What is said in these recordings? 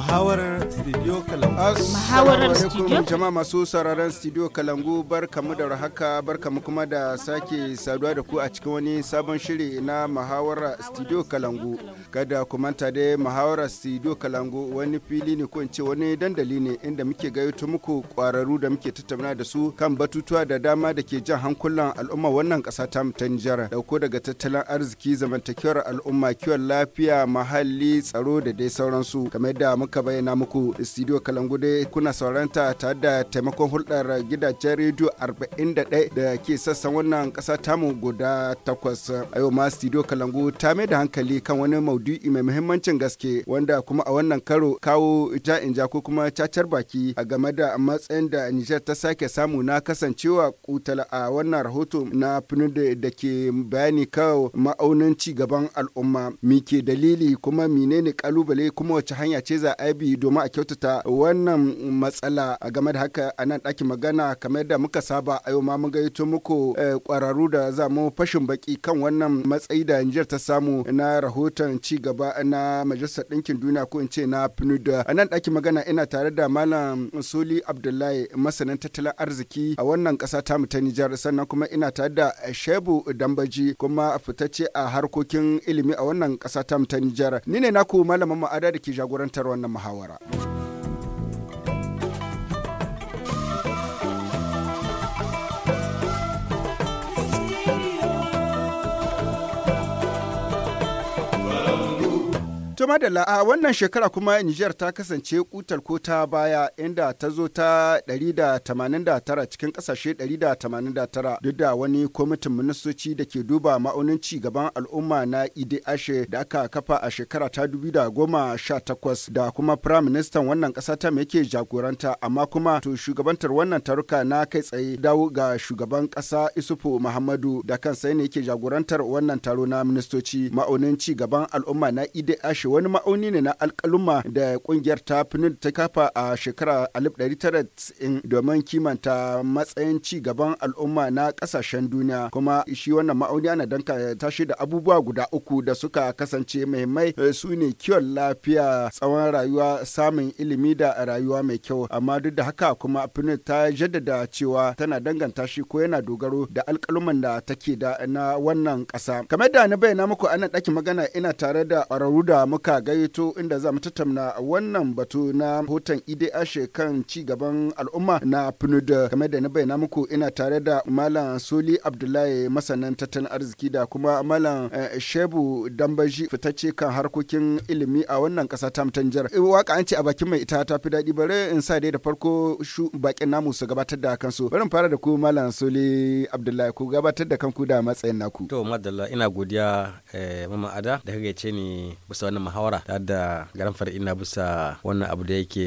Muhawarar Studio Kalangu. Muhawarar Studio Jama'a masu sauraron Studio Kalangu barkamu da rahaka barkamu kuma da sake saduwa da ku a cikin wani sabon shiri na Muhawarar Studio Kalangu. Kada ku manta Muhawarar Studio Kalangu wani fili ne ko in ce wani dandali ne inda muke gayyato muku kwararru da muke tattauna da su kan batutuwa da dama da ke jan hankulan al'umma wannan kasa ta mu ta Nijar. Dauko daga tattalin arziki zamantakewar al'umma kiwon lafiya muhalli tsaro da dai sauransu. Kamar yadda muka bayyana muku studio kalangu dai kuna sauranta tare da taimakon hulɗar gidajen rediyo 41 da ke sassan wannan ƙasa tamu guda takwas a yau ma studio kalangu ta mai da hankali kan wani maudu'i mai muhimmancin gaske wanda kuma a wannan karo kawo ja inja ko kuma cacar baki a game da matsayin da nijar ta sake samu na kasancewa kutala a wannan rahoto na PNUD da ke bayani kawo ma'aunin ci gaban al'umma. Mi dalili kuma menene kalubale kuma wace hanya ce za ib domin a kyautata wannan matsala game da haka a nan ɗakin magana kamar da muka saba a yau ma mun gayyato muku kwararru eh, da za mu fashin baki kan wannan matsayi da Nijar ta samu na rahoton ci gaba na Majalisar Ɗinkin Duniya ko in ce na PNUD. A nan ɗakin magana ina tare da Malam Soli Abdullahi masanin tattalin arziki a wannan ƙasa ta mu ta Nijar sannan kuma ina tare da eh, Shebu Dambaji kuma fitacce a harkokin ilimi a wannan ƙasa ta mu ta Nijar. Ni ne naku Malamin Ma'ada da ke jagorantar wannan Mahawara. To madalla a wannan shekara kuma Nijar ta kasance kutar ko ta baya inda ta zo ta 189 cikin kasashe 189 duk da wani kwamitin ministoci da ke duba ma'aunin ci gaban al'umma na Idi Ashe da aka kafa a shekara ta 2018 da kuma Firaministan wannan kasa ta yake jagoranta amma kuma to shugabantar wannan taruka na kai tsaye dawo ga shugaban kasa Isufu Muhammadu da kan sai ne yake jagorantar wannan taro na ministoci ma'aunin ci gaban al'umma na Ide Ashe wani ma'auni ne na alkaluma da kungiyar ta PNUD ta kafa a shekara alif 1990 domin kimanta matsayin ci gaban al'umma na kasashen duniya kuma shi wannan ma'auni ana danka tashi da abubuwa guda uku da suka kasance muhimmai su ne kiwon lafiya tsawon rayuwa samun ilimi da rayuwa mai kyau amma duk da haka kuma PNUD ta jaddada cewa tana danganta shi ko yana dogaro da alkaluman da take da na wannan ƙasa kamar da na bayyana muku anan ɗakin magana ina tare da ƙwararru da muka muka gayyato inda za mu tattauna wannan batu na hoton ide ashe kan ci gaban al'umma na PNUD kamar da na bayyana muku ina tare da Malam Soli Abdullahi masanin tattalin arziki da kuma Malam eh, Shebu Dambaji fitacce kan harkokin ilimi a wannan kasa ta mutanjar. Eh, Waka an ce a bakin mai ita ta fi daɗi bare in sa dai da farko shu bakin namu su gabatar da kansu. Bari fara da ku Malam Soli Abdullahi ku gabatar da kanku da matsayin naku. To madalla ina godiya eh, Mama Ada da kake ce ni bisa wannan muhawara ta da garan ina bisa wannan abu da yake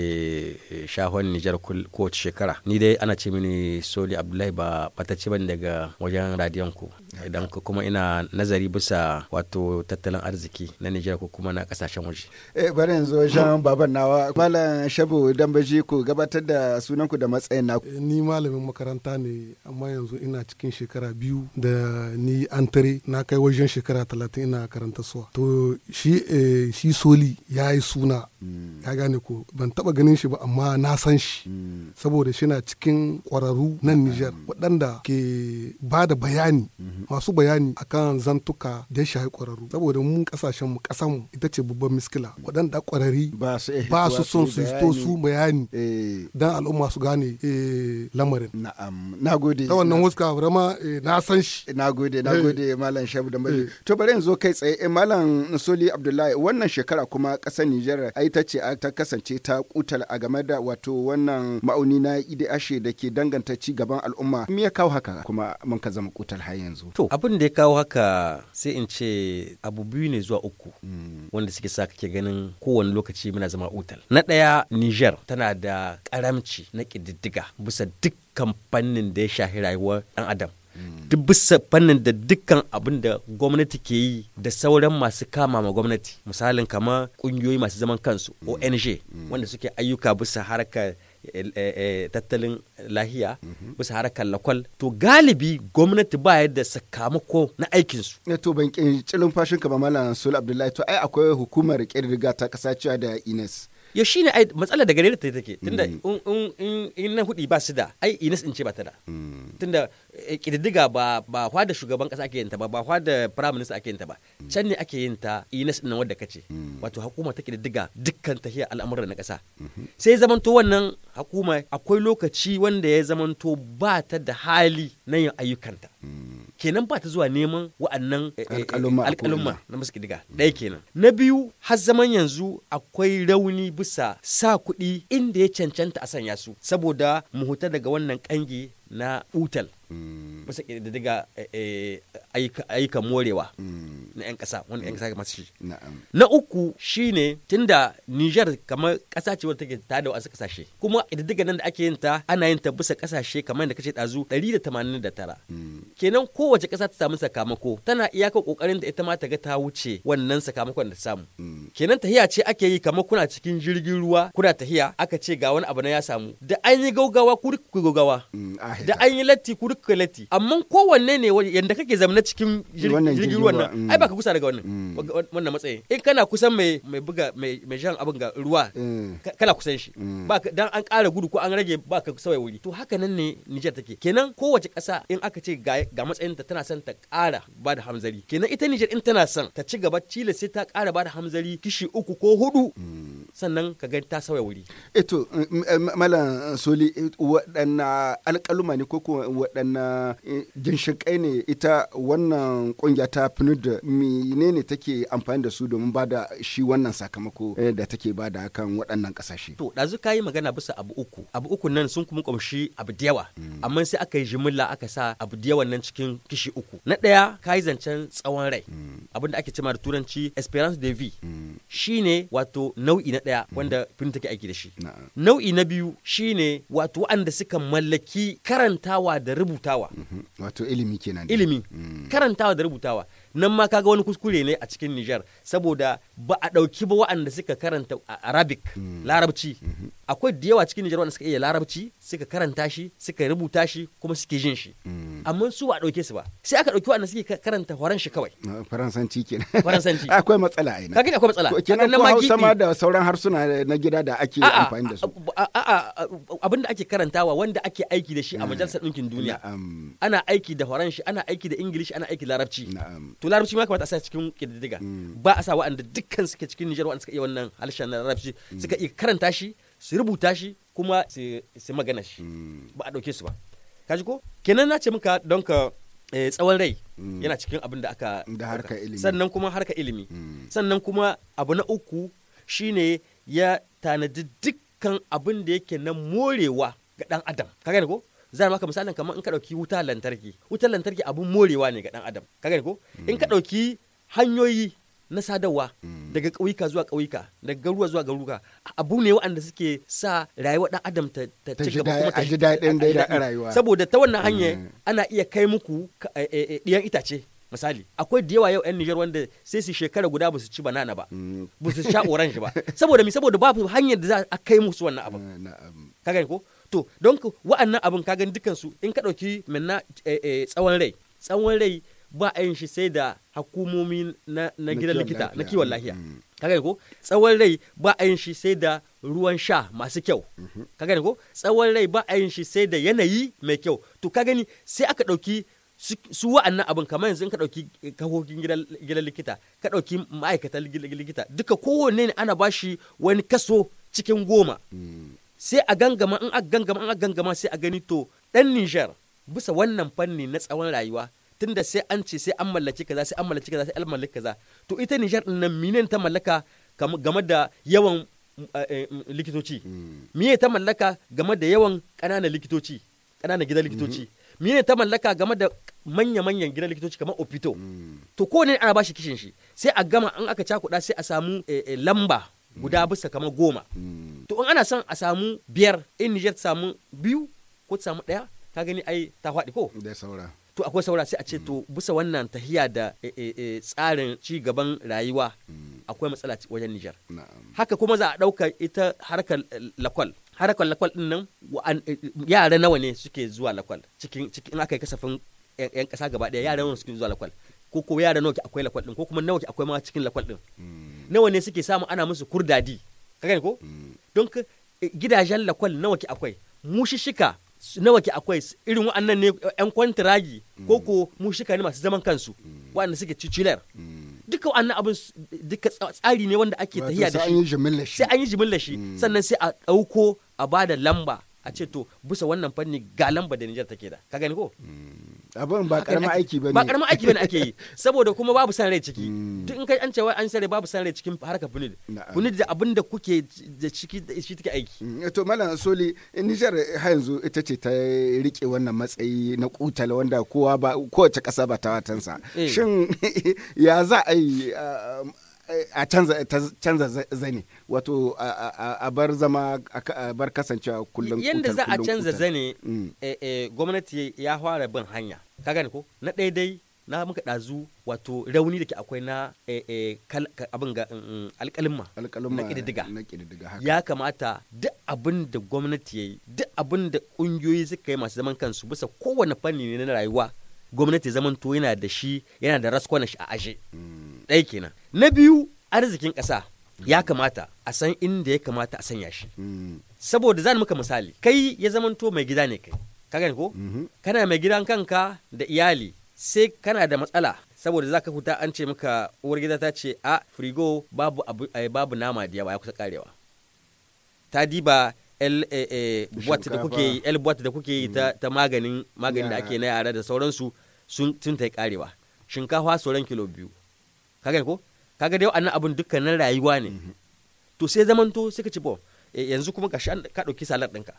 eh, shahon Nijar kowace shekara ni dai ana ce mini Soli Abdullahi ba ce bani daga wajen radiyon ku idan kuma ina nazari bisa wato tattalin arziki na Nijar ko kuma na kasashen waje eh bari yanzu wajen baban nawa malam Shabu Dambaji ku gabatar da sunan ku da matsayin naku eh, ni malamin makaranta ne amma yanzu ina cikin shekara biyu da ni an tare na kai wajen shekara talatin ina karanta suwa to shi eh, shi soli ya yi suna mm. ya gane ko ban taba ganin shi ba amma na san shi mm. saboda shi na cikin kwararru nan mm. Nijar waɗanda ke ba da bayani mm-hmm. masu bayani akan zantuka da ya shahi kwararru saboda mu kasashen mu kasan mu ita ce babban miskila waɗanda kwararri ba su son su to su bayani eh. dan al'umma su gane eh, lamarin na'am nagode ta wannan huska rama eh, na san shi nagode nagode malam Shabu da to bari zo kai tsaye malam Soli Abdullahi wannan wannan shekara kuma ƙasar Nijar ai ta ce ta kasance ta kutal a game da wato wannan ma'auni na ide ashe da ke danganta ci gaban al'umma. Me ya kawo haka kuma mun ka zama kutal har yanzu? To abin da ya kawo haka sai in ce abu biyu ne zuwa uku mm, wanda suke sa kake ganin kowane lokaci muna zama kutal. Na ɗaya Nijar tana da karamci na ƙididdiga bisa duk kamfanin da ya shahi rayuwar ɗan adam duk bisa fannin da dukkan abin da gwamnati ke yi da sauran masu kama ma gwamnati misalin kamar kungiyoyi masu zaman kansu ong wanda suke ayyuka bisa harkar eh, eh, eh, tattalin lahiya bisa harkar lakwal to galibi gwamnati ba yadda sakamako na aikinsu. ne to ban cilin fashin ka ba malam sul abdullahi to ai akwai hukumar kirga ta kasa cewa da ines ya shine ai matsalar da gare ta take tunda mm. in na hudi ba su da ai ina in ce ba ta da mm. tunda kididdiga eh, ba ba kwa da shugaban kasa ake yin ta ba ba kwa da prime minister ake yin ta ba mm. can ne ake yin ta inas din wanda kace wato hukuma ta kididdiga dukkan ta tahiyar al'amuran na kasa mm-hmm. sai zamanto wannan hukuma akwai lokaci wanda ya zamanto ba ta da hali na yin ayyukanta kenan ba ta zuwa neman wa'annan eh, eh, alƙalumma na masu ɗaya kenan na biyu har zaman yanzu akwai rauni bisa sa kuɗi inda ya cancanta a sanya su saboda mu huta daga wannan ƙangi na utal mm. bisa eh, eh, morewa mm. na 'yan ƙasa wanda 'yan ƙasa ga masu shi na uku shine tunda niger kamar ƙasa ce wadda take tada wasu kasashe kuma ƙididdiga nan da ake yin ta ana yin ta bisa ƙasashe kamar da kace ɗazu 189 kenan kowace ƙasa ta samu sakamako tana iyaka ƙoƙarin da ita ma ta ga ta wuce wannan sakamakon da ta samu mm. kenan tahiya ce ake yi kamar kuna cikin jirgin ruwa kuna tahiya aka ce ga wani abu na ya samu da an yi gaugawa ku ku gaugawa da an yi latti ku duka latti amma kowanne ne yanda kake zamna cikin jirgin ruwan nan ai mm. baka kusa daga wannan mm. wannan matsayin in kana kusan mai mai buga mai mai jan abin ga ruwa mm. kana kusan shi baka dan an ƙara gudu ko an rage baka sauya wuri to haka nan ne Niger take kenan kowace ƙasa in aka ce ga matsayin ta tana son ta ƙara ba da hamzari kenan ita Niger in tana son ta ci gaba Chile sai ta ƙara ba da hamzari kishi uku ko hudu sannan ka ga ta sauya wuri eto eh eh, malam soli eh, waɗanna alƙaluma ne ko ko waɗanna ginshiƙai ne ita wannan ƙungiya ta PNUD ne take amfani da su domin bada shi wannan sakamako da take bada kan waɗannan ƙasashe to ɗazu yi magana bisa abu uku abu uku nan sun kuma ƙumshi abu da yawa mm. amma sai aka yi jimilla aka sa abu da yawan nan cikin kishi uku na ɗaya k'a yi zancen tsawon rai mm. abin da ake cema da turanci esperance de vie mm. shi ne wato nau'i na ɗaya mhm. wanda firinta take aiki da shi nau'i na biyu shine wato waɗanda suka mallaki karantawa da rubutawa mhm. wato ilimi kenan ilimi mm. karantawa da rubutawa nan ma kaga wani kuskure ne a cikin Nijar saboda ba a ɗauki ba waɗanda suka karanta Arabic mm. larabci mhm. akwai da yawa cikin Nijar wanda suka iya larabci suka karanta shi suka rubuta shi kuma suke jin shi mm. amma su ba dauke su ba sai aka dauki wanda suke karanta horon shi kawai ah, faransanci kenan faransanci akwai matsala aina kaga akwai matsala kenan ko gidi sama da sauran harsuna na gida da ake amfani da su a'a abin da ake karantawa wanda ake aiki da shi a mm. majalisar dinkin duniya ana aiki da horon shi ana aiki da Ingilishi ana aiki da larabci to larabci ma kamata a sa cikin kididdiga mm. ba a sa wa'anda dukkan suke cikin Nijar wanda suka iya wannan harshen larabci suka iya karanta shi su rubuta shi kuma su magana shi hmm. ba a ɗauke su ba kaji ko kenan na ce muka don ka eh, tsawon rai hmm. yana cikin abin da aka da harka ilimi sannan kuma harka ilimi hmm. sannan kuma abu na uku shine ya tanadi dukkan abin da yake na morewa ga dan adam ka gane ko zan maka misalin kamar in ka dauki wuta lantarki wutar lantarki abin morewa ne ga dan adam ka gane ko in ka dauki hanyoyi na sadarwa daga ƙauyuka zuwa ƙauyuka daga garuruwa zuwa garuruwa abu ne waɗanda suke sa rayuwar ɗan adam ta ci gaba ta ji daɗin da rayuwa saboda ta wannan hanya mm. ana iya kai muku eh, eh, eh, ɗiyan itace misali akwai da yawa yau yan Nijar wanda sai su shekara guda ba su ci banana ba mm. ba su sha orange ba saboda mi saboda babu hanyar da za a kai musu wannan abin mm, ka gani ko to don wa'annan abin ka gani dukansu in ka ɗauki minna tsawon rai tsawon rai ba a yin shi sai da hukumomi na, na gidan likita na kiwon lafiya mm. kaga ko tsawon rai ba a yin shi sai da ruwan sha masu kyau mm-hmm. kaga ko tsawon rai ba a yin shi sai da yanayi mai kyau to ka gani sai aka ɗauki su wa'annan abin kamar yanzu ka ɗauki eh, kafofin gidan likita ka ɗauki ma'aikatan likita duka kowanne ne ana bashi wani kaso cikin goma mm. sai a gangama in a gangama in a gangama sai a gani to ɗan Nijar bisa wannan fanni na tsawon rayuwa da sai an ce sai an mallaki kaza sai an mallaki kaza sai an mallaki kaza to ita Nijar din nan minen ta mallaka game da yawan mm, eh, mm, likitoci hmm. miye ta mallaka game da yawan ƙananan likitoci ƙananan gidan likitoci mm-hmm. miye ta mallaka game da manya-manyan gidan likitoci kamar opito hmm. to ko ne ana bashi kishin shi sai a gama an aka cakuɗa sai a samu eh, eh, lamba guda hmm. bisa kamar goma to in ana son a samu biyar in Nijar ta samu biyu ko ta samu ɗaya ka gani ai ta faɗi ko da saura to akwai saura sai a ce to bisa wannan tahiya da eh, eh, eh, tsarin ci gaban rayuwa mm. akwai matsala wajen Nijar. Haka kuma za a ɗauka ita harkar lakwal. Harkar lakwal ɗin nan yara nawa ne suke zuwa lakwal cikin cikin aka yi kasafin 'yan ƙasa gaba ɗaya yara nawa suke zuwa lakwal. Ko ko yara nawa ke akwai lakwal ɗin ko kuma nawa ke akwai ma cikin lakwal ɗin. Mm. Nawa ne suke samu ana musu kurdadi. Ka gani ko? Mm. Don gidajen lakwal nawa ke akwai. Mushishika nawa ke akwai irin wa'annan ne yan kwantiragi mm. ko ko mushika ne masu zaman kansu mm. wa'anda suke cicilar mm. duka wa'annan abin duka tsari ne wanda ake tahiya da shi sai an yi jimilla shi sannan sai a ɗauko a bada lamba a ce to bisa wannan fanni ga lamba da Nijar take da ka gani ko abin ba karamin aiki bane ba karamin aiki bane ake yi saboda kuma babu san rai ciki mm. duk in kai an cewa an sare babu san rai cikin harkar bunil bunil da abin da kuke da ciki da shi take aiki mm, to malam soli Nijar, har yanzu ita ce ta rike wannan matsayi na kutal wanda kowa ba kowace kasa ba ta watansa eh. shin ya za a yi ah, a canza zane wato a bar zama a bar kasancewa kullum yadda za a canza zane mm. eh, eh, gwamnati ya fara bin hanya ka gane ko na daidai na muka ɗazu wato rauni da ke akwai na eh, abin ga mm, mm, alƙalma na ƙididdiga ya kamata duk abin da gwamnati ya yi duk abin da ƙungiyoyi suka yi masu zaman kansu bisa kowane fanni ne na rayuwa gwamnati zaman to yana da shi yana da raskwana shi a aje ɗaya kenan na biyu arzikin ƙasa ya kamata a san inda ya kamata a sanya shi mm. saboda zan maka misali kai ya zamanto mai gida ne kai ka gani ko mm-hmm. kana mai gidan kanka da iyali sai kana da matsala saboda za ka huta an ce maka uwar gida ta ce a frigo babu eh, babu nama da yawa ya kusa karewa ta diba eh, eh, da kuke yi el da kuke yi ta mm-hmm. maganin maganin da ake na yara da sauransu sun tun ta karewa shinkafa sauran kilo biyu ka gani ko kaga dai wannan abun dukkanin rayuwa ne mhm. to sai zamanto sai ka ce bo eh, yanzu kuma gashi an ka dauki salar ɗinka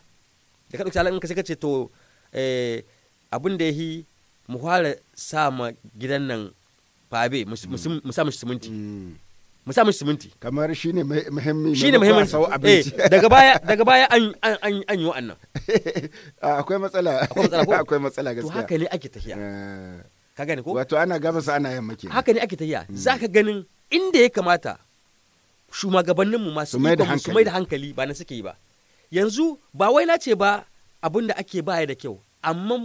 da ka dauki salar ɗinka sai ka ce to eh, abun da yahi mu fara sa ma gidan nan fabe mu sa mishi siminti mm. mu sa mishi siminti kamar shine muhimmi shine muhimmin sau eh, abinci daga baya daga baya an an an yi wannan akwai matsala akwai matsala akwai matsala gaskiya to haka ne ake tafiya ka gane ko wato ana gabas ana yamma ke haka ne ake tafiya mm. zaka ganin inda ya kamata shugabanninmu masu su mai da hankali ba na suke yi ba yanzu ba wai na ce ba abin da ake baya da kyau amma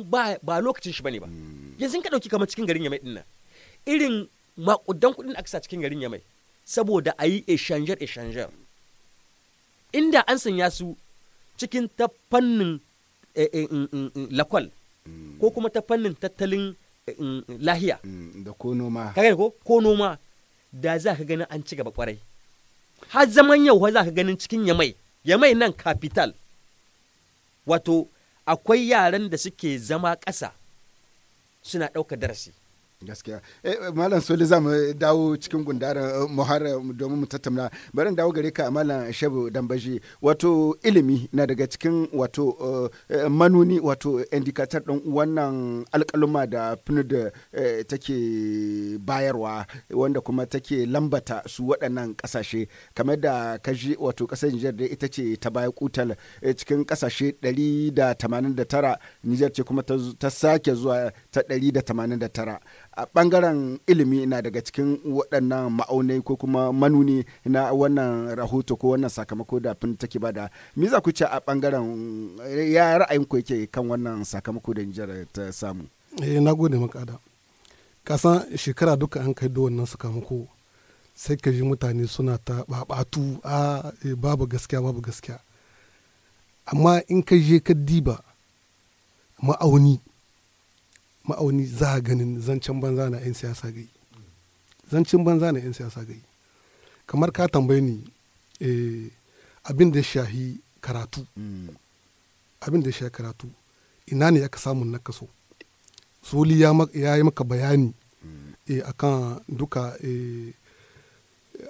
ba lokacin shi bane ba hmm. yanzu ka dauki kamar cikin garin yamai dinnan irin makudan kudin aka sa cikin garin yamai saboda a yi eshanjar eshanjar inda an sanya su cikin ta fannin eh, eh, mm, mm, mm, lakwal hmm. ko kuma ta fannin tattalin eh, lahiya hmm, da ko ko noma da za ka ganin an ci gaba kwarai har zaman yau za ka ganin cikin yamai yamai nan capital wato akwai yaran da suke zama ƙasa suna ɗauka darasi gaskiya eh, eh malam sole za mu dawo cikin gundarin eh, muhara eh, domin mu tattauna bari dawo gare ka malam shabu dambaji wato ilimi na daga cikin wato manuni wato indicator din wannan alkaluma da pnud take bayarwa wanda kuma take lambata su waɗannan ƙasashe kamar da kaji wato ƙasar Nijar da ita ce ta baya kutal cikin ƙasashe 189 Nijar ce kuma ta sake zuwa ta 189 a bangaren ilimi na daga cikin waɗannan ma'aunai ko kuma manuni na wannan rahoto ko wannan sakamako da fin take bada me za ku ce a bangaren ya ra'ayin ku yake kan wannan sakamako da Nijar ta samu eh na gode maka da kasan shekara duka an kai da wannan sakamako sai ka ji mutane suna ta babatu a eh, babu gaskiya babu gaskiya amma in ka je ka diba ma'auni ma'auni za a ganin zancen banza na 'yan siyasa gai zancen banza na 'yan siyasa gai kamar ka tambaye ni eh, abin da shahi karatu abin da shahi karatu ina ne aka samu na kaso soli ya yi maka bayani eh, akan duka eh,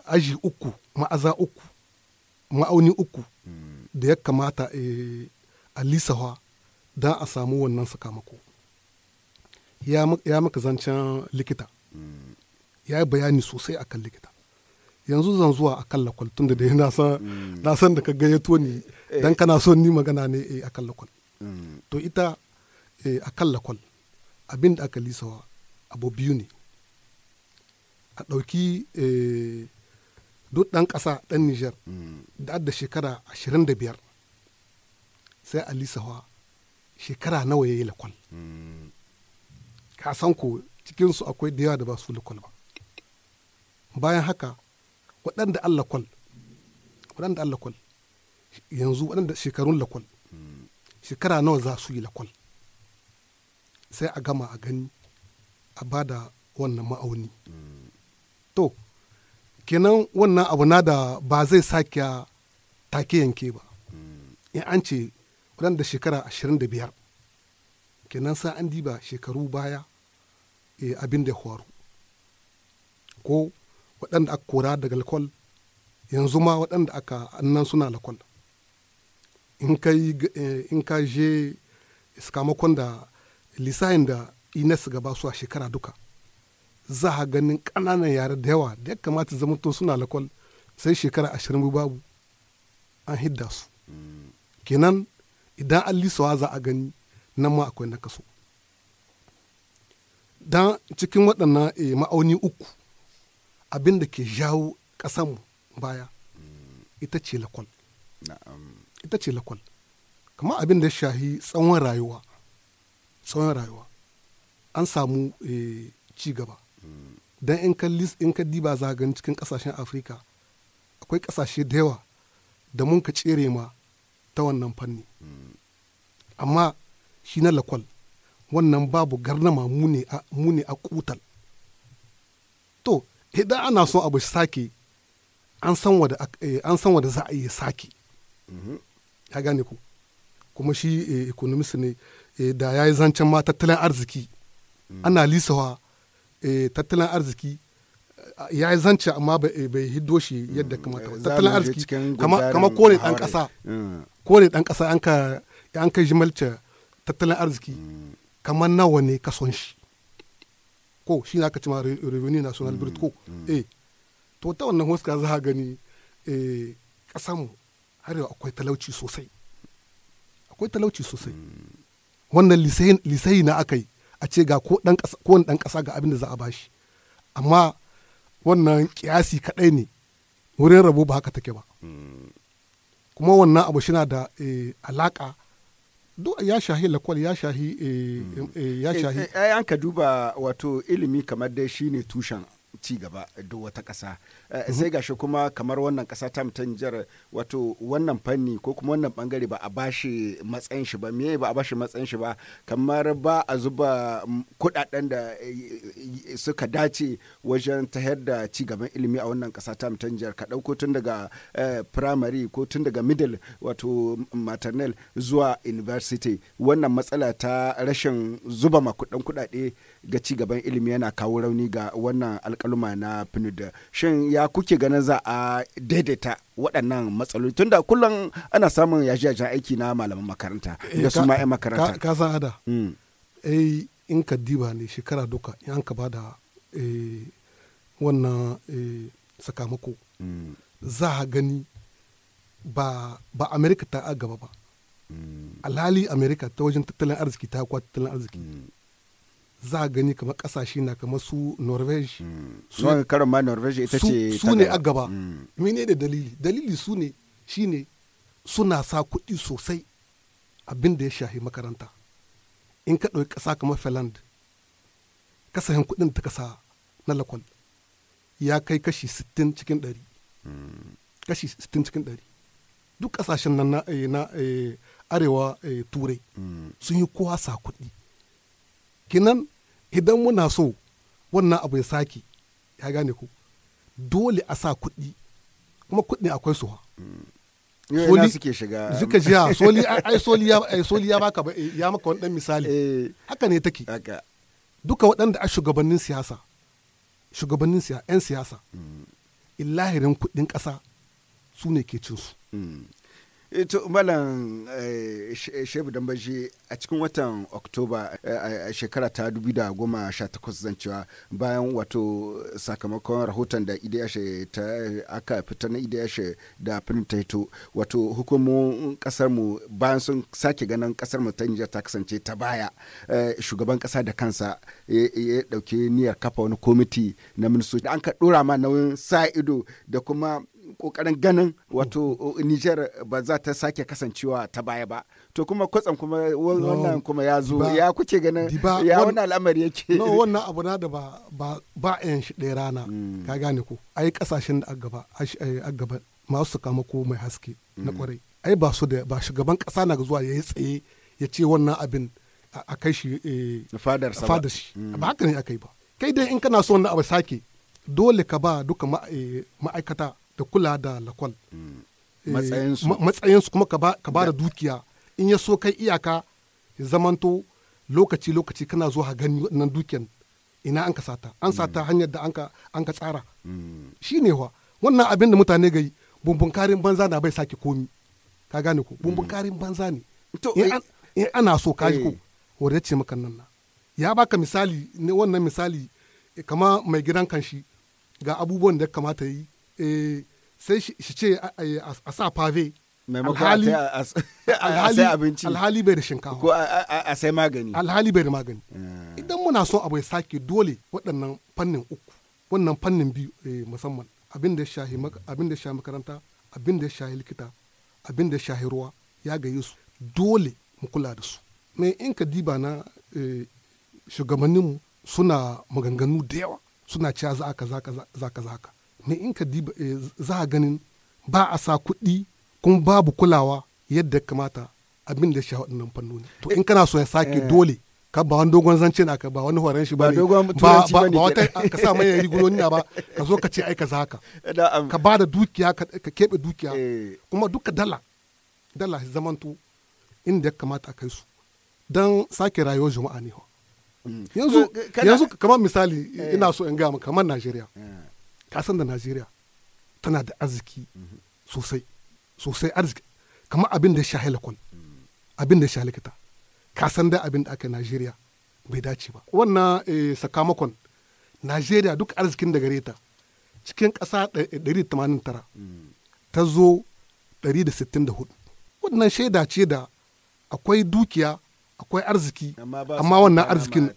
aji uku ma'aza uku ma'auni uku da ya kamata a lisawa don a samu wannan sakamako ya maka zancen likita ya yi bayani sosai akan likita yanzu zan zuwa a kan lakwal tun da dai na san da ka gaya ni eh. dan kana son ni magana ne eh, a kan lakwal mm. to ita akan eh, a kan lakwal abin da aka lisawa abu biyu ne a ɗauki duk ɗan ƙasa ɗan Nijar mm. da adda shekara 25 sai a lisawa shekara nawa ya yi lakwal. Mm. ka san ko cikinsu akwai da yawa da ba su lakwal ba bayan haka waɗanda an lakwal waɗanda an lakwal yanzu waɗanda shekarun lakwal shekara nawa za su yi lakwal sai a gama a gani a bada wannan ma'auni to kenan wannan abu na da ba zai sake take yanke ba in an ce waɗanda shekara ashirin da biyar kenan sa an diba shekaru baya Eh, abin da ya faru ko waɗanda aka kora daga lakwal yanzu ma waɗanda aka annan suna lakwal in ka eh, je sakamakon da lisayin da ines gaba su a shekara duka za a ganin ƙananan yare da yawa da ya kamata zamanto suna lakwal sai shekara ashirin babu an hidda su kenan idan an lisawa za a gani nan ma akwai na kaso Dan cikin waɗannan eh, ma'auni uku abin da ke jawo ƙasanmu baya ita ce lakwal ita ce lakwal kamar abin da ya shahi tsawon rayuwa tsawon rayuwa an samu eh, ci gaba mm. dan don in ka in ka diba zagan cikin ƙasashen afirka akwai ƙasashe da yawa da mun ka cere ma ta wannan fanni mm. amma shi na lakwal wannan babu garnama muni a kutal to idan ana son abu sake an san wada eh, za a yi sake mhm. ya gane ku kuma shi eh, economist ne eh, da ya yi zancen ma tattalin arziki mm. ana lisawa tattalin arziki ya yi zance amma bai hiddo shi yadda mm, kamata tattalin arziki kama mm. kone dan kasa kone dan kasa an ka jimalce tattalin arziki kamar nawa ne ka son shi ko shi na ka ci ma national brut ko mm, mm. eh to ta wannan huska za a gani eh kasanmu har yau akwai talauci sosai akwai talauci sosai mm. wannan lisayi na aka yi a ce ga ko dan kasa ga abin da za a bashi amma wannan kiyasi kaɗai ne wurin rabo ba haka take ba kuma wannan abu shi da eh, alaƙa duk ya shahi lakwal ya shahi eh, hmm. eh, ya eh, shahi an ka duba wato ilimi kamar dai shine tushen ci gaba duk wata ƙasa eh, mhm. sai gashi kuma kamar wannan ƙasa ta mutan jihar wato wannan fanni ko kuma wannan bangare ba a bashi matsayin shi ba me ba a bashi matsayin shi ba kamar ba a zuba mm, kudaden da eh, eh, suka dace wajen ta da ci gaban ilimi a wannan kasa ta mutan jihar ka ɗauko tun daga primary ko tun daga middle wato maternal zuwa university wannan matsala ta rashin zuba makudan kuɗaɗe ga ci gaban ilimi yana kawo rauni ga wannan alkaluma na PNUD. Shin ya kuke ganin za a daidaita waɗannan matsaloli tunda kullum ana samun yaji aiki na malaman makaranta eh, da su ma'a makaranta. Ka san ada. Mm. Eh in ka diba ne shekara duka in an ka bada eh, wannan eh, sakamako. Mm. Za a gani ba ba Amerika ta gaba ba. Mm. alhali amerika ta wajen tattalin arziki ta kwa tattalin arziki za a gani kamar kasashe na kamar su norvege mm. su karon ma norvege ita ce su ne a gaba mm. mene da dalili dalili su ne shine suna sa kuɗi sosai abin da ya shahi makaranta in ka ɗauki ƙasa kamar finland kasahin kuɗin da ka sa na lakwal ya kai kashi 60 cikin ɗari mm. kashi 60 cikin ɗari duk ƙasashen nan na eh, eh, arewa eh, turai sun yi kowa sa kuɗi kinan idan muna so wannan abu ya sake ya gane ku dole a sa kuɗi kuma kuɗi akwai suwa mm. soli suke shiga suka jiya ah, soli ai soli ya ai soli ya baka ya maka wani dan misali eh. haka ne take haka duka waɗanda a shugabannin siyasa shugabannin siyasa yan siyasa mm. illahirin kuɗin ƙasa su ne ke cin su mm. ito malam eh, shehu dambaji a cikin watan oktoba eh, a shekara ta 2018 cewa bayan wato sakamakon rahoton da idiyashe ta aka fita na idiyashe da firin ta hito wato hukumomin kasarmu bayan sun sake ganin kasarmu ta nijar ta kasance ta baya eh, shugaban kasa da kansa ya dauki niyar kafa wani komiti na ministoci an ka dora ma nauyin sa ido da kuma kokarin ganin wato Niger ba za ta sake kasancewa ta baya ba to kuma kwatsam kuma wannan kuma ya zo ya kuke ganin ya wannan al'amari yake no wannan abu na da ba ba ba yan shi ɗaya rana mm. ka gane ko ai kasashen da agaba agaba eh, masu ko mai haske na kwarai mm. ai ba su da ba shugaban kasa na zuwa yayi tsaye ya ce wannan abin a kai shi eh, fadar shi mm. ba haka ne aka yi ba kai dai in kana so wannan abu sake dole ka ba duka eh, ma'aikata da kula da lakwal mm. eh, matsayinsu kuma ka ba da dukiya in ya so kai iyaka ya zamanto lokaci lokaci kana zuwa ha gani wannan dukiyan ina an ka sata an sata mm. hanyar da an ka tsara mm. shi ne wa wannan abin da mutane gai bumbunkarin banza na bai sake komi ka gane ko bumbunkarin banza ne eh, in ana so ka ko eh. wadda ce maka nan na ya baka misali ne wannan misali kama mai gidan kanshi ga abubuwan da ya kamata yi Eh, sai shi ce a sa pave alhali alhali bai da shinkawa ko a sai magani alhali bai da magani eh. idan muna so abu ya sake dole waɗannan fannin uku wannan fannin biyu eh, musamman abin da shahi abin da shahi makaranta abin da shahi likita abin da shahi ruwa ya gaye su dole mu kula da su mai in ka diba na shugabanninmu suna maganganu da yawa suna cewa ka za ka za ka za ka ne in ka diba eh, za a ganin ba a sa kuɗi kuma babu kulawa yadda ya kamata abin da shahaɗin nan fannoni to in kana so ya sake eh. dole ka ba wani dogon zance na ka ba wani horon shi ba ne ba wata ka sa manyan rigunoni na ba ka zo ka ce aika za haka ka ba da dukiya ka keɓe dukiya eh. kuma duka dala dala zamanto inda ya kamata a kai su don sake rayuwar jama'a ne mm. yanzu kamar misali ina so in gaya kamar najeriya ka san da najeriya tana da arziki sosai sosai arziki kamar abin da sha lakwal abin da sha likita ka san da abin da aka najeriya bai dace ba wannan eh, sakamakon najeriya duk arzikin da gare ta cikin ƙasa 189 ta zo 164 wannan shaida ce da akwai dukiya akwai arziki amma wannan arzikin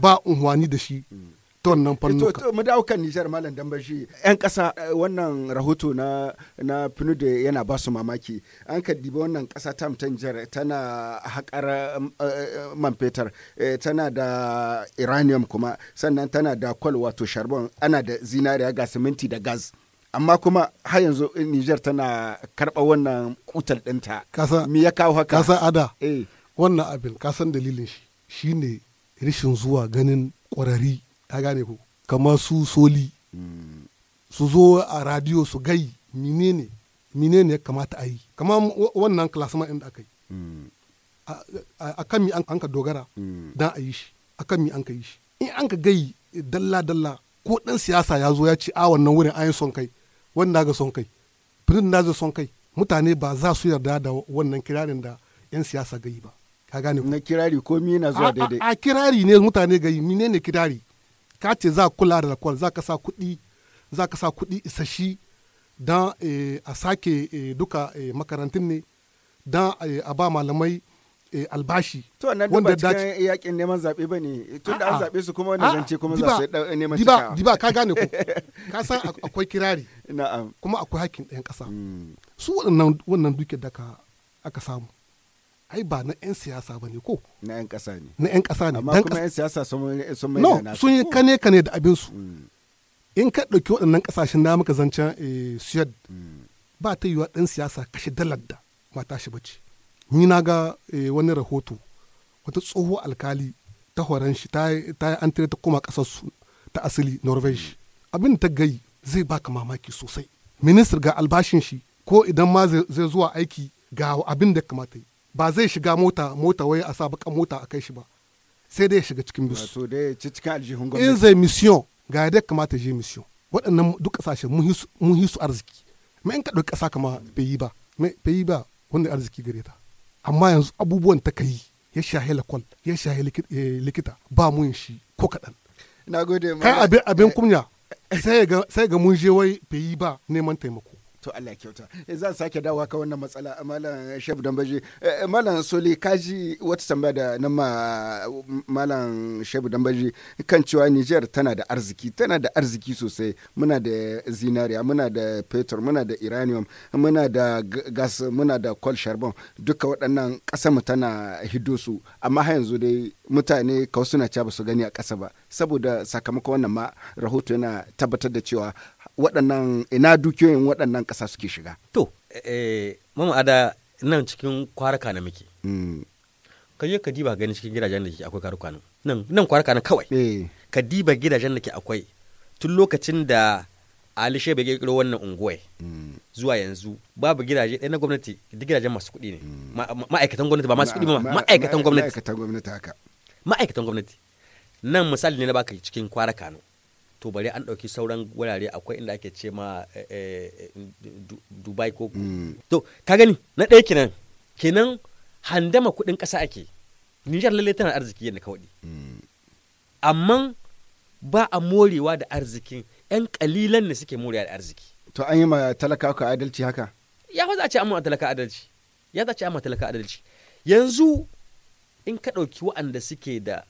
ba unhwani da shi mm. nan fannu fannuka. Mu dawo kan Nijar Malam Dambashi. 'Yan kasa eh, wannan rahoto na na yana ba su mamaki. An ka dibi wannan kasa ta ta Nijar tana haƙar mm, eh, man fetur, eh, tana da uranium kuma, sannan tana da kwal wato sharbon, ana da zinariya ga siminti da gas. amma kuma har yanzu Niger tana karɓa wannan kutar ɗinta. Kasa. Me ya kawo haka? Kasa ada. Eh. Wannan abin kasan dalilin shi shine rishin zuwa ganin ƙwararri ta gane ko kamar su soli su zo a radio su gai menene menene ya kamata a yi kamar wannan klasma inda aka yi a kan mi an ka dogara dan a yi shi a kan mi an ka yi shi in an ka gai dalla dalla ko dan siyasa ya zo ya ce a wannan wurin an son kai wanda ga son kai firin na zai son kai mutane ba za su yarda da wannan kirarin da yan siyasa gai ba ka gane na kirari ko mina zuwa daidai a kirari ne mutane gai menene kirari ka ce za kula da lakwal za ka sa kuɗi za ka sa kuɗi isashi don eh, a sake eh, duka eh, makarantun ne don a ba malamai albashi to nan wanda da cikin yakin neman zaɓe ba ne tun da an zaɓe su kuma wanda zance kuma za su da neman cika diba ka gane ko ka san akwai kirari na'am kuma akwai hakkin ɗayan ƙasa mm. su waɗannan wannan duke da ka aka samu ai ba na 'yan siyasa ba ne ko na 'yan ƙasa ne na 'yan ƙasa ne amma kuma 'yan siyasa sun mai no sun yi kane kane da abin su mm. in ka ɗauki waɗannan ƙasashen na muka zancen eh, suyad mm. ba ta yiwa ɗan siyasa kashe dalar da mata shi bace ni na ga eh, wani rahoto wata tsoho alkali ta horon shi ta yi an ta koma ƙasarsu ta asali norvege mm. abin ta gai zai baka mamaki sosai ministar ga albashin shi ko idan ma zai zuwa aiki ga abin da kamata yi ba zai shiga mota mota wai a sa mota a kai shi ba sai dai ya shiga cikin bus wato dai ci cikin aljihun gwamnati in zai mission ga yadda kamata je mission waɗannan duk ƙasashe mun yi su arziki mai in ka ɗauki ƙasa kama bai yi ba bai yi ba wanda arziki gare ta amma yanzu abubuwan ta kai ya shahe lakwal ya shahe eh, likita ba mun shi ko kaɗan na gode ma kai abin eh. kunya sai ga mun je wai bai yi ba neman taimako to Allah kyauta eh, zan sake dawowa ka wannan matsala malam chef dambaji eh, eh, malam soli kaji wata tambaya da nan malam chef dambaji kan cewa Niger tana da arziki tana da arziki sosai muna da zinariya muna da petrol muna da iranium muna da gas muna da coal charbon duka waɗannan ƙasa mu tana hido su amma har yanzu dai mutane kawai suna ca ba su gani a ƙasa ba saboda sakamakon wannan ma rahoto yana tabbatar da cewa waɗannan ina dukiyoyin waɗannan kasa suke shiga. To, eh, eh, mama ada nan cikin kwaraka na muke. Mm. Ka yi ka diba gani cikin gidajen da ke akwai kwaruka nan. Nan nan kwaraka nan kawai. Eh. Ka diba gidajen da ke akwai tun lokacin da Ali bai ya kiro wannan unguwai mm. zuwa yanzu babu gidaje ɗaya na gwamnati da gidajen masu kuɗi ne. Mm. Ma'aikatan gwamnati ba masu kuɗi ba ma'aikatan gwamnati. Ma'aikatan gwamnati haka. Ma'aikatan gwamnati. Nan misali ne na baka cikin kwaraka nan. to bari an ɗauki sauran wurare akwai inda ake ce ma eh, eh, dubai ko mm. to ka gani na ɗaya kenan kenan handama kuɗin ƙasa ake nijar lalle tana arziki yadda ka waɗi mm. amma ba a morewa da arzikin yan kalilan ne suke morewa da arziki to an yi ma talaka adalci haka ya fa za a ce amma talaka adalci ya za a ce an ma talaka adalci yanzu in ka ɗauki waɗanda suke da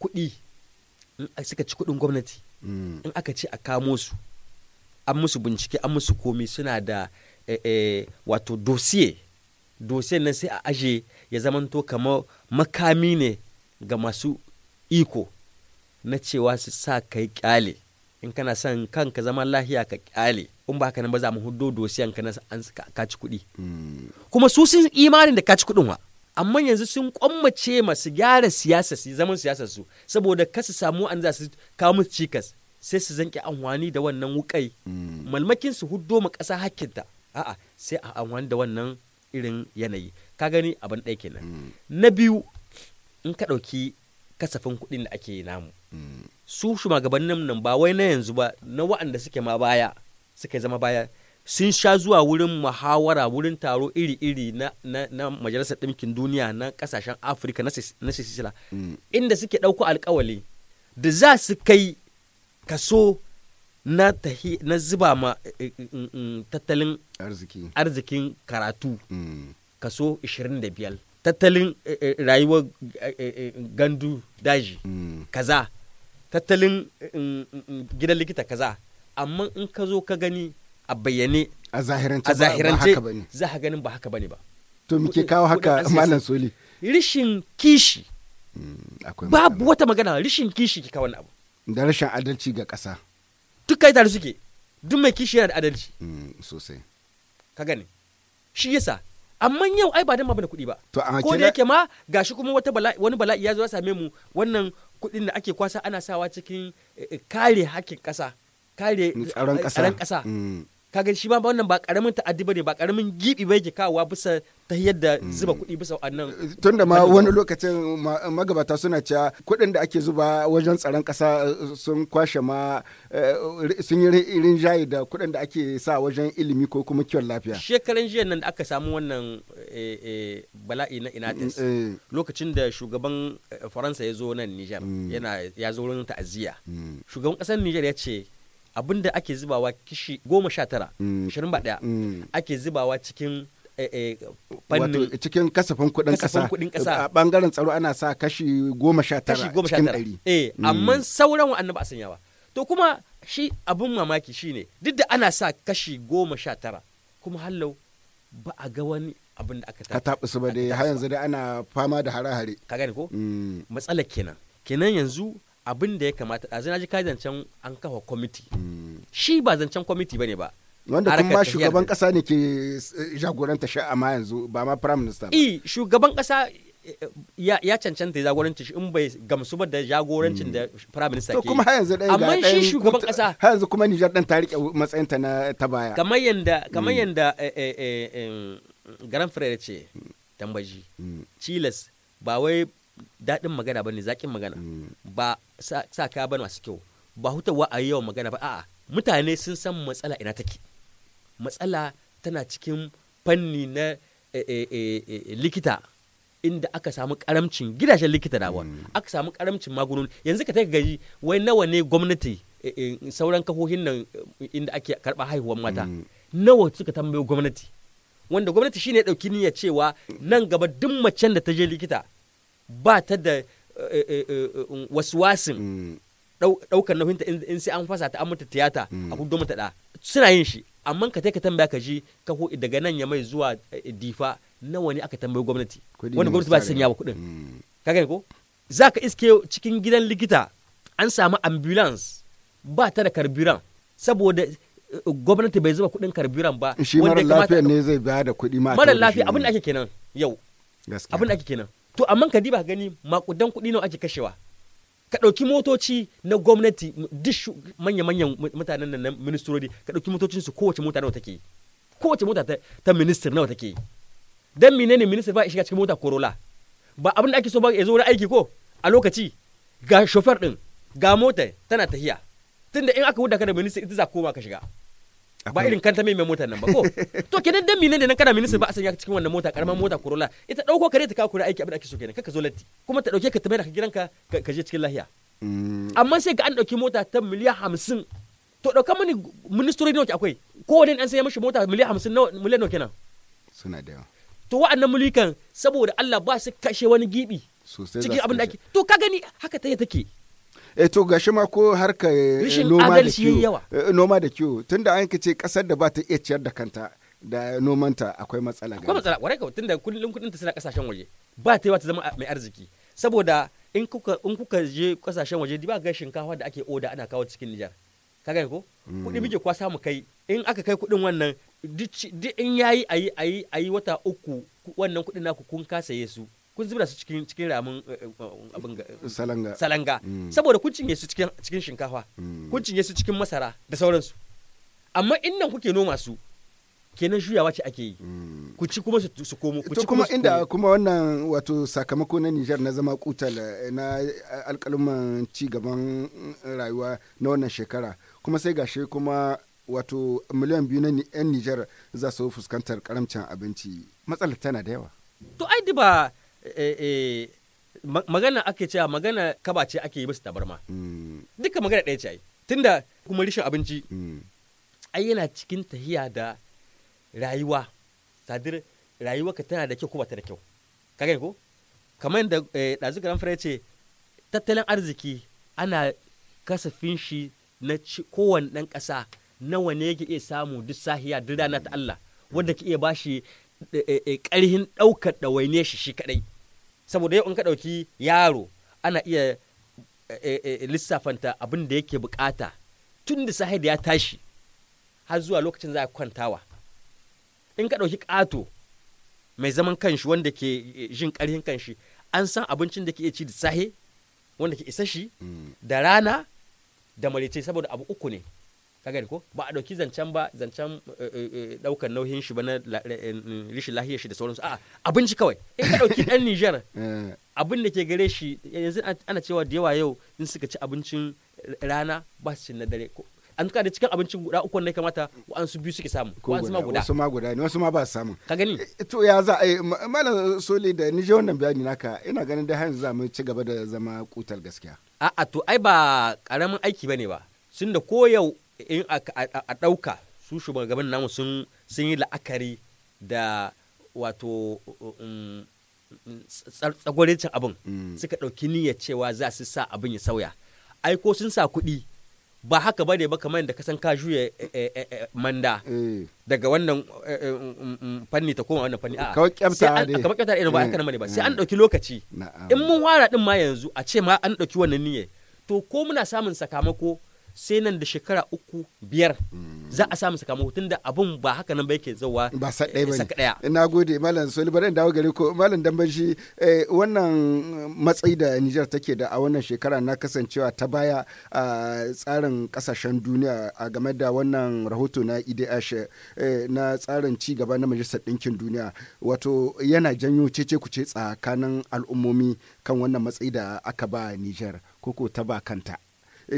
kuɗi suka ci kuɗin gwamnati in aka ce a kamo su an musu bincike an musu komi suna da eh, eh, wato dosiye dosiye nan sai a aje ya zamanto kamar makami ne ga masu iko na cewa su sa kai kyale in kana son kanka zaman lahiya ka kyale in ba ka nan ba za mu hudo dosiyan ka na an kaci kuɗi mm. kuma su sun imanin da kaci kuɗin wa amma yanzu sun kwammace masu gyara siyasa su zaman siyasa su saboda kasu samu an za su kawo musu cikas sai su zanke anwani da wannan wukai mm. malmakin su huddo ma ƙasa hakkinta a'a sai a anwani da wannan irin yanayi ka gani abin ɗaya kenan mm. na biyu in ka ɗauki kasafin kuɗin da ake yi namu mm. su shugabannin nan ba wai na yanzu ba na wanda suke ma baya suka zama baya sun sha zuwa wurin muhawara wurin taro iri-iri na, na, na majalisar ɗinkin duniya na ƙasashen afirka na sisila mm. inda suke ɗauko alkawali da za su kai kaso na, tahi, na zuba ma eh, eh, eh, mm, mm, tattalin arzikin karatu mm. kaso 25 tattalin rayuwar gandu daji mm. kaza tattalin mm, gidan likita kaza amma in ka zo ka gani a bayyane a zahirance za a ganin ba haka bane ba to muke kawo haka malam soli rishin kishi hmm, babu wata magana rishin kishi ki kawo abu da rashin adalci ga ƙasa duk kai tare suke duk mai kishi yana da adalci hmm, sosai ka gani shi yasa amma yau ai ba dan ma bane kuɗi ba ko da yake ma gashi kuma wata bala wani bala'i ya zo ya same mu wannan kuɗin da ake kwasa ana sawa cikin eh, eh, kare hakkin ƙasa kare tsaron eh, ƙasa hmm. kaga shi ba wannan ba karamin ta'addi ne ba karamin gibi bai ke kawowa bisa ta yadda mm. zuba kuɗi bisa wannan tunda ma wani lokacin magabata suna cewa kuɗin da ake zuba wajen tsaron ƙasa eh, sun kwashe ma eh, sun yi irin jayi da kuɗin da ake sa wajen ilimi ko kuma kiwon lafiya shekaran jiya nan da aka samu wannan eh, bala'i na inatis mm, lokacin da shugaban faransa ya zo nan nijar mm. yana ya zo wurin ta'aziyya shugaban ƙasar nijar ya ce abin da ake zubawa kishi goma sha tara mm. ashirin ba ɗaya mm. ake zubawa cikin eh, eh, fannin eh, cikin kasafin kuɗin ƙasa a ɓangaren tsaro ana sa kashi goma sha tara cikin ɗari eh mm. amma sauran wa ba a sanya ba to kuma shi abin mamaki shine duk da ana sa kashi goma sha tara kuma hallau ba a ga wani abin da aka taɓa su ba dai har yanzu dai ana fama da hare-hare ka gane ko matsalar kenan kenan yanzu abin da ya kamata a zina ji ka zancen an kafa kwamiti mm. shi ba zancen kwamiti ba ne ba wanda kuma shugaban kasa ne ke eh, jagoranta shi ma yanzu ba ma prime minister ba shugaban kasa eh, ya cancanta ya jagoranci shi in bai gamsu ba da jagorancin da mm. prime minister ke kuma yanzu dai amma shi shugaban kasa har yanzu kuma Niger dan ta rike matsayin ta na ta baya kamar yanda kamar mm. yanda eh, garan Frere ce tambaji Chiles ba wai daɗin magana ba ne zaƙin magana mm. ba sa kaya ba masu kyau ba hutawa a yawan magana ba a'a mutane sun san matsala ina take matsala tana cikin fanni na e, e, e, likita inda aka samu karamcin gidajen likita da mm. aka samu karamcin magunun yanzu ka ta gaji wai nawa ne gwamnati sauran kafofin nan inda ake karɓa haihuwar mata mm. nawa suka tambayo gwamnati wanda gwamnati shine ya ɗauki niyya cewa nan gaba duk macen da ta je likita ba ta da eh, eh, eh, um, waswasin mm. ɗaukar ta in sai an fasa ta an mata tiyata a kudu mm. mata da suna yin shi amma ka ka tambaya ka ji ka ko daga nan ya mai zuwa difa nawa ne aka tambayi gwamnati wani gwamnati ba sanya ba kuɗin mm. ka gani ko za ka iske cikin gidan likita an samu ambulance ba ta da karbiran saboda gwamnati bai zuba kuɗin karbiran ba shi mara lafiya ne zai da kuɗi ma mara lafiya abin da ake kenan yau abin da ake kenan to amma ka diba gani makudan kuɗi nawa ake kashewa ka ɗauki motoci na gwamnati duk manya-manyan mutanen nan na ka ɗauki motocinsu kowace mota nawa take kowace mota ta minister nawa take dan menene minister ba ya shiga cikin mota corolla ba abin da ake so ba ya zo wani aiki ko a lokaci ga shofar din ga mota tana tahiya tunda in aka wuda ka da minister ita za koma ka shiga ba irin kanta mai mota nan ba ko to kenan dan mine ne nan kana minista ba a sanya cikin wannan mota karaman mota Corolla ita dauko kare ta kawo kura aiki abin da ake so kenan kaka zo latti kuma ta dauke ka ta mai da gidanka ka je cikin lahiya mm. amma sai ga an dauki mota ta miliyan hamsin to dauka mani ministry nawa akwai wani an sanya mishi mota miliyan hamsin miliyan nawa kenan suna da yawa to wa'annan mulikan saboda Allah ba su kashe wani gibi cikin abin da ake to ka gani haka ta take e to gashi ma ko harka eh, noma da kiwo eh, noma da kiwo tunda an ce kasar da ba ta iya ciyar da kanta da nomanta akwai matsala akwai matsala ware ka tunda kullun kudin ta suna kasashen waje ba ta yi ta zama ah, mai arziki saboda in kuka in kuka je kasashen waje ba ga shinkafa da ake oda ana kawo cikin Nijar ka gane ko mm. kudi muke kwa samu kai in aka kai kudin wannan duk in yayi ayi ayi ayi wata uku wannan kudin naku kun kasaye su kun zubda su cikin cikin ramin eh, eh, eh, abin salanga salanga mm. saboda kun cinye su cikin cikin shinkafa mm. kun cinye su cikin masara da sauransu amma in nan kuke noma su kenan juyawa ce ake yi mm. ku ci kuma su komo ku ci kuma inda kuma wannan wato sakamako na niger na zama kutal na alƙaluman ci gaban rayuwa na wannan shekara kuma sai gashi kuma wato miliyan biyu na 'yan Niger za su fuskantar karamcin abinci matsalar tana da yawa to ai ba Eh, eh, magana ake cewa magana kaba ce ake yi musu tabarma mm. duka magana ɗaya ce ai tunda kuma rishin abinci mm. ai yana cikin tahiya da rayuwa sadir rayuwa ka tana da kyau ko ta da kyau ka gani ko kamar yadda eh, ɗazu garan fara ce tattalin arziki ana kasafin shi na kowane ɗan ƙasa nawa ne yake iya samu duk sahiya duk rana ta Allah wanda ke iya bashi ƙarhin ɗaukar ɗawaine shi shi kaɗai saboda yau in ka ɗauki yaro ana iya eh, eh, eh, lissafanta abin da yake bukata tun da sahid ya tashi har zuwa lokacin za a kwantawa in ka ɗauki ƙato mai zaman kanshi wanda ke jin ƙarfin kanshi an san abincin da ke ci da sahe wanda ke isa shi mm. da rana da malice saboda abu uku ne kaga gani ko ba a dauki zancen ba zancen daukar eh, eh, eh, nauyin shi ba na rishin lahiyar shi da sauransu a'a abinci kawai in ka dauki dan Niger abin da ke gare shi yanzu ana cewa da yawa yau in suka ci abincin rana ba su cin na dare an ka da cikin abincin guda uku ne kamata wa'ansu biyu suke samu wa'ansu ma guda wasu ma guda ne wasu ma ba su samu ka gani to ya za a yi malam soli da ni je wannan bayani naka ina ganin da yanzu za mu ci gaba da zama kutar gaskiya a'a to ai ba karamin aiki bane ba sun da ko yau in a ɗauka su shugaban namu sun yi la'akari da wato um, tsagwarecin abin mm. suka ɗauki niyyar cewa za su sa abin ya sauya ai ko sun sa kuɗi ba haka ba ne ba kamar yadda kasan ka juya eh, eh, eh, manda daga wannan um, um, fanni ta koma wannan fanni a kawai kyamta ne kamar kyamta ne ba haka ne ba sai an mm. ɗauki lokaci in mun wara din ma yanzu a ce ma an ɗauki wannan niyyar to ko muna samun sakamako sai nan da shekara uku biyar za a samu sakamako tun da abun ba haka nan ba yake zawa ba sa ɗaya ba ne na gode malam soli bari in dawo gare ko malam dambashi eh, wannan matsayi da Nijar take da a wannan shekara na kasancewa ta baya a tsarin kasashen duniya a game da wannan rahoto na IDH e eh, na tsarin ci gaba na majalisar ɗinkin duniya wato yana janyo cece kuce tsakanin al'ummomi kan wannan matsayi da aka ba Nijar koko ta ba kanta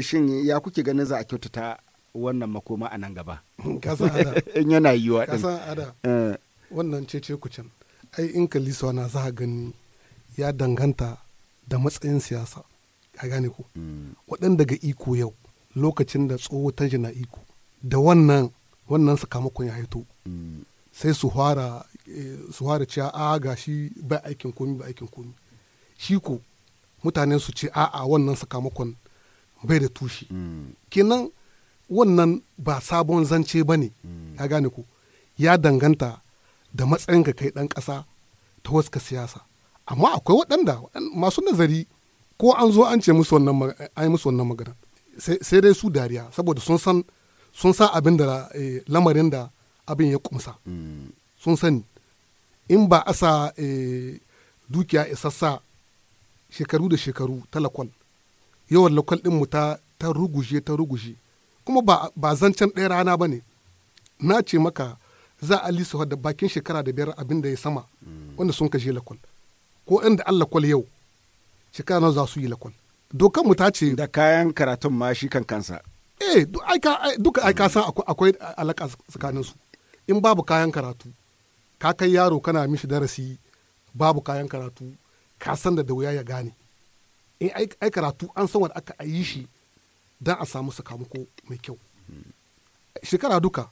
shin ya kuke ganin za a kyautata wannan makoma a nan gaba in yana yiwa ɗin eh. wannan ada wannan cece kucin ai in ka lisa na za gani ya danganta da matsayin siyasa a gane ku hmm. waɗanda ga iko yau lokacin da tsoho ta na iko da wannan wannan sakamakon ya haito hmm. sai su fara eh, su fara cewa a ga shi ba aikin komi ba aikin komi shi ko mutane su ce a'a wannan sakamakon bai da tushe kenan wannan ba sabon zance ba ne ya gane ku ya danganta da matsayinka kai ɗan ƙasa ta waska siyasa amma akwai waɗanda masu nazari ko an zo an ce musu wannan magana sai dai su dariya saboda sun san sun san abin da eh, lamarin da abin ya kumsa sun sani in ba a sa eh, dukiya isassa shekaru da shekaru talakwal yawan lokal mu ta ta ruguje ta ruguje kuma ba ba zancen ɗaya rana ba ne na ce maka za a lisa da bakin shekara da biyar abin da ya sama mm. wanda sun kashe lakwal ko inda an lakwal yau shekara na za su yi lakwal mu ta ce da kayan karatun ma shi kan kansa eh duka aika san mm. akwai alaka tsakanin su in babu kayan karatu ka kai yaro kana mishi darasi babu kayan karatu ka san da da wuya ya gane in ai karatu an san wanda aka yi shi don a samu sakamako mai kyau shekara duka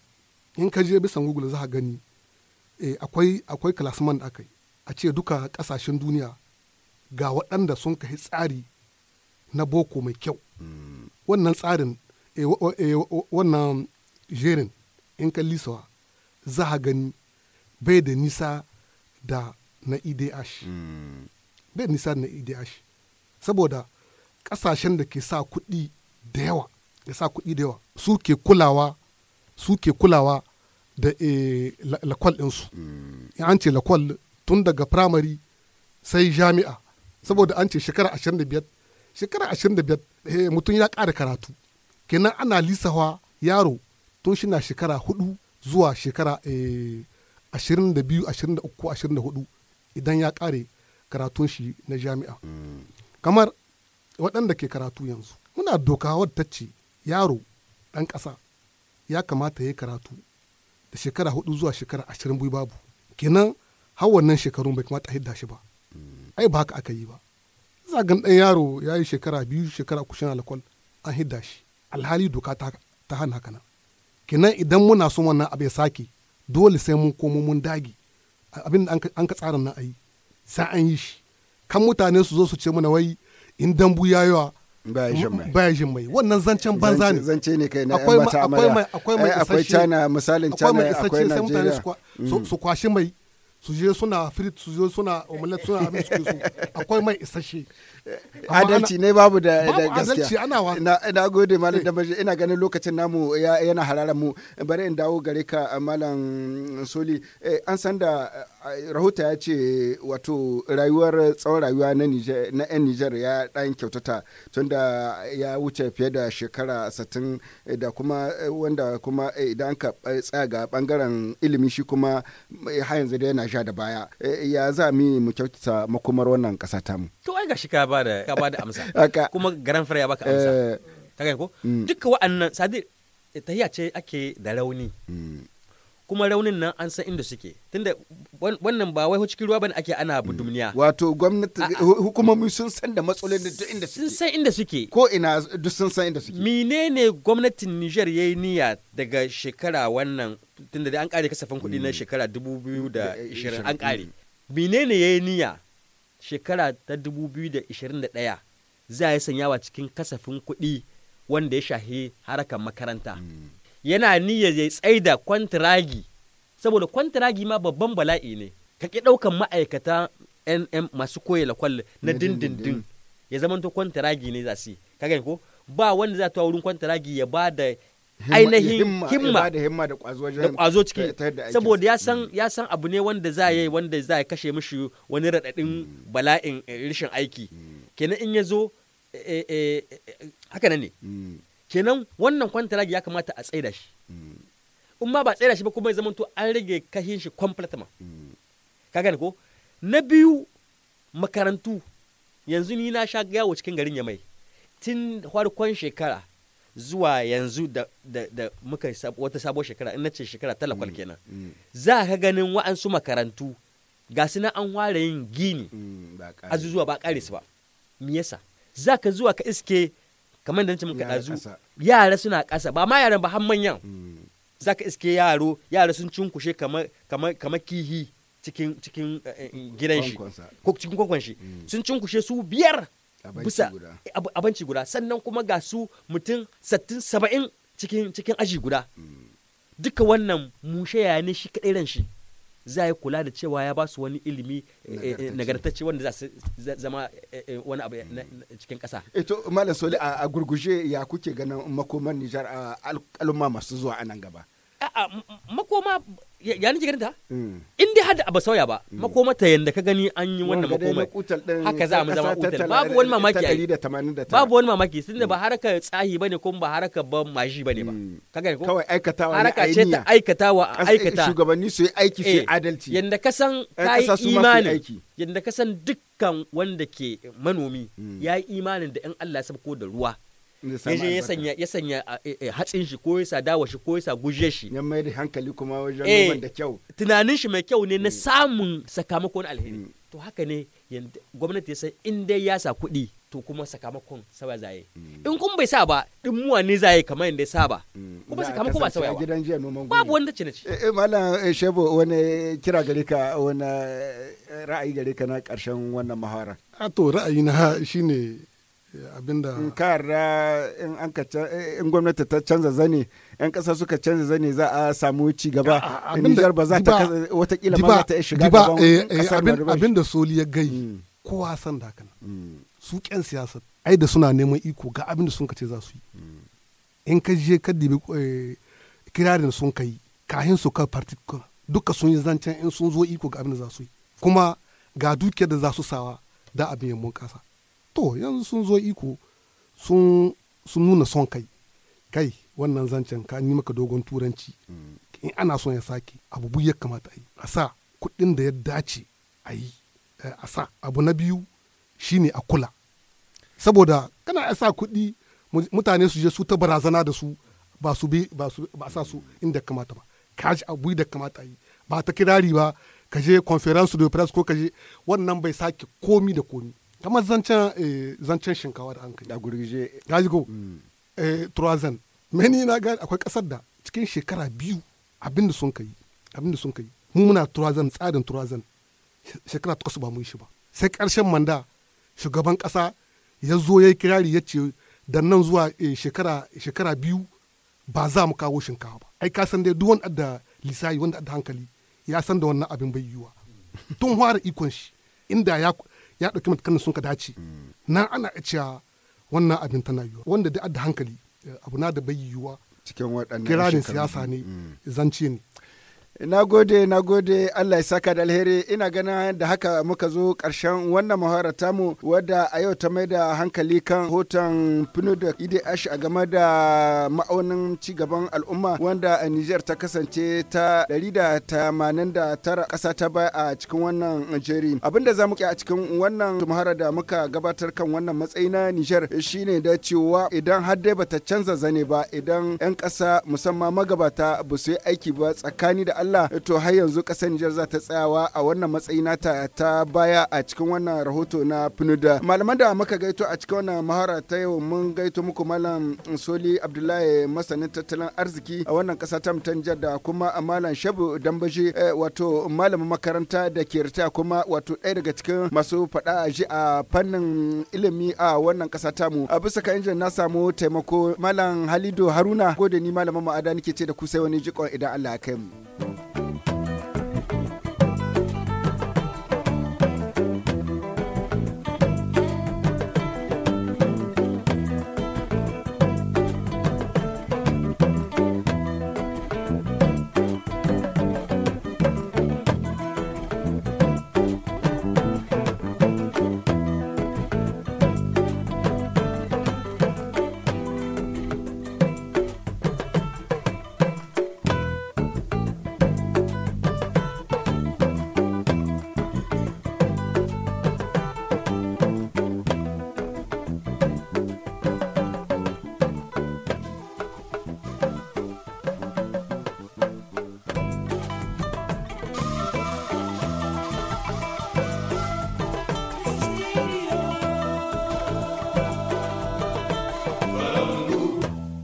in ka je bisan google za gani eh, akwai akwai klasman da aka yi a ce duka kasashen duniya ga waɗanda sun kai tsari na boko mai kyau wannan tsarin eh, eh, wannan jerin in ka lisawa za gani bai da nisa da na idh e mm. bai da nisa da na idh e saboda ƙasashen da ke sa kuɗi da yawa ya sa kuɗi da yawa su ke kulawa su ke kulawa da e, lakwal ɗinsu mm. in an ce lakwal tun daga firamare sai jami'a saboda an ce shekara 25 shekara 25 e eh, mutum ya ƙara karatu kenan ana lisawa yaro tun shi na shekara hudu zuwa shekara eh, uku 22 23 24 idan ya ƙare karatun shi na jami'a mm. kamar waɗanda ke karatu yanzu muna doka wadda ce yaro ɗan ƙasa ya kamata ya yi karatu da shekara hudu zuwa shekara ashirin bai babu kenan har wannan shekarun bai kamata a hidda shi ba ai ba haka aka yi ba zagan ɗan yaro ya yi shekara biyu shekara uku shan alkwal an hidda shi alhali doka ta hana haka nan kenan idan muna son wannan abu ya sake dole sai mun komo mun dage abin da an ka tsara na a yi sai an yi shi kan mutane su zo su ce mana wai in dambu ya yawa baya jin mai wannan zancen banza ne zance ne kai na akwai akwai mai akwai mai eh, akwai china misalin china akwai su kwashi mai su je suna frit su je suna omelet suna amince su akwai mai isasshe adalci ne babu da gaskiya na gode malam ina ganin lokacin namu yana harara mu bari in dawo gare ka malam soli eh, an san da eh, rahota ya ce wato rayuwar tsawon rayuwa na yan nijar ya dan kyautata tunda ya wuce fiye da shekara satin eh, da kuma wanda kuma idan ka tsaya ga bangaren ilimi shi kuma har yanzu da yana sha da baya ya za mu kyautata makomar wannan kasa mu. to ai ga shi ka ba da ka ba da amsa kuma garan fara ya baka amsa eh. ka ko mm. duka wa'annan sadi eh, tahiya ce ake da rauni mm. kuma raunin nan an san inda suke tunda wannan ba wai cikin ruwa bane ake ana mm. budumniya wato gwamnati hukumomi sun san da matsalolin duk inda suke sun san inda suke ko ina duk sun san inda suke menene gwamnatin Niger yayi niyya daga shekara wannan tunda da an kare kasafin kuɗi na shekara 2020 eh, an kare menene yayi niyya shekara ta 2021 za a yi sanyawa cikin kasafin kuɗi wanda ya shahi harakan makaranta mm. yana niyya ya tsaida kwantiragi saboda kwantiragi ma babban bala'i ne ka ƙi ɗaukan ma'aikata nm masu koya lakwal na dindindin ya zama to kwantiragi ne za su ko ba wanda za ta wurin kwantiragi ya ba da ainihin himma da kwazo ciki saboda ya san ya san abu ne wanda za yi mm. wanda za ya kashe mishi wani radadin mm. bala'in eh, rashin aiki mm. kenan in ya zo eh, eh, haka ne kenan wannan kwantaragi ya kamata a tsaida shi in ma ba tsaida shi ba kuma ya to an rage kashin shi kwamflatama ka gane ko na biyu makarantu yanzu ni na sha gawo cikin garin yamai tun farkon shekara zuwa yanzu da, da, da muka wata sabuwar shekara in ce shekara talakwal mm. kenan mm. za ka ganin wa'ansu makarantu ga su na an ware yin gini zuwa mm, ba kare su ba me yasa za ka zuwa ka iske kamar da nace muka dazu yara suna kasa ba ma yaran ba har manyan za ka iske yaro yara sun cunkushe kamar kamar kama kihi cikin cikin eh, eh, gidan shi ko cikin kwankwan shi sun cunkushe su biyar bisa abinci guda sannan kuma ga su mutum sattin saba'in cikin aji guda hmm. duka wannan mushe ya ne shi kaɗai ran shi za yi kula da cewa ya ba su wani ilimi eh, eh, nagartacce wanda za su zama eh, wani abu hmm. cikin ƙasa. Eto Malam Soli a gurguje ya kuke ganin makoman Nijar a al'umma masu zuwa a nan gaba. A'a makoma ya ni jigar mm. da in dai hada ba sauya ba mm. makomata yanda ka gani an yi wannan makomai haka za mu zama kutal babu wani mamaki babu wani mamaki sun da ba mm. haraka tsahi bane ko ba haraka ban maji bane ba ka gani ko kawai aikatawa haraka ce ta aikatawa aikata shugabanni su yi aiki su eh, adalci yanda ka san kai imani yanda ka san dukkan wanda ke manomi ya yi imanin da in Allah ya sabko da ruwa ya je ya sanya eh, eh, hatsin shi ko ya sa dawa shi ko ya sa guje shi ya mai da hankali kuma wajen eh, noman da kyau tunanin shi mai kyau ne na mm. samun sakamakon alheri mm. to haka ne gwamnati ya san in dai ya sa kuɗi to kuma sakamakon sawa zaye mm. in kun bai sa ba din muwa ne zaye kamar yadda saba kuma sakamakon ba saba gidan jiya noman babu wanda ce na ci eh malam shebo wani kira gare ka wani ra'ayi gare ka na karshen wannan muhawara. a to ra'ayi na shine abinda in kara in an ka in gwamnati ta canza zane yan kasa suka canza zane za a samu ci gaba Nijar ba za ta watakila ma ta shiga gaban eh, eh, abinda soli ya gai mm. kowa san da kana mm. su kyan siyasa ai da suna neman iko ga abinda sun ka ce za su yi mm. in ka je ka dibi eh, kirarin sun kai kahin su ka particular duka sun yi zancen in sun zo iko ga abinda za su yi kuma ga dukiyar da za su sawa da abin yammun kasa to yanzu sun zo iko sun nuna son kai kai wannan zancen ka ni maka dogon turanci mm. in ana son ya sake abu ya kamata a yi a sa kuɗin da ya dace a yi eh, a sa abu na biyu shine a kula saboda kana a sa kuɗi mutane su je su ta barazana da su ba su bi ba sa su inda kamata ba ka ji abu da kamata yi ba ta kirari ba ka je conference de presse ko ka je wannan bai sake komi da komi kamar zancen eh, zancen shinkawa da hankali. kai a gurgije ka ji ko mm. eh, turazan meni na ga akwai kasar da cikin shekara biyu abinda sun kai abinda sun kai mu muna turazan tsarin turazan shekara takwas ba mu yi shi ba sai karshen manda shugaban kasa ya zo ya yi kirari ya ce da nan zuwa eh, shekara shekara biyu ba za mu kawo shinkawa ba ai ka san dai duk wanda da lisayi wanda da hankali ya san da wannan abin bai yiwa tun fara ikon shi inda ya ya ɗauki matakan sun ka dace na ana cewa wannan abin tana yiwuwa wanda da hankali eh, abu na da bai yiwuwa cikin waɗannan kirarin siyasa ne mm. zance ne Na gode, na gode, Allah ya saka da alheri, ina gana da haka muka zo karshen wannan muhawara tamu wadda a yau ta mai da hankali kan hoton Ide Ash a game da ma'aunin cigaban al'umma wanda a Nijar ta kasance ta tara kasa ta baya a cikin wannan jeri. Abinda za mu a cikin wannan muhawara da muka gabatar kan wannan matsayi na Nijar shine da cewa idan har bata canza zane ba idan 'yan ƙasa musamman magabata ba su yi aiki ba tsakani da Allah to har yanzu kasar Nijar za ta tsayawa a wannan matsayi nata ta baya a cikin wannan rahoto na PNUDA. Malaman da muka gaito a cikin wannan mahara ta yau mun gaito muku malam Soli Abdullahi masanin tattalin arziki a wannan kasa ta Nijar da kuma malam Shabu Dambaji eh, wato malamin makaranta da ke rita kuma wato ɗaya daga cikin masu faɗa a ji a fannin ilimi a wannan kasa mu A bisa ka injin na samu taimako malam Halido Haruna gode ni malamin ma'ada nake ce da ku sai wani jikon idan Allah ya kai mu.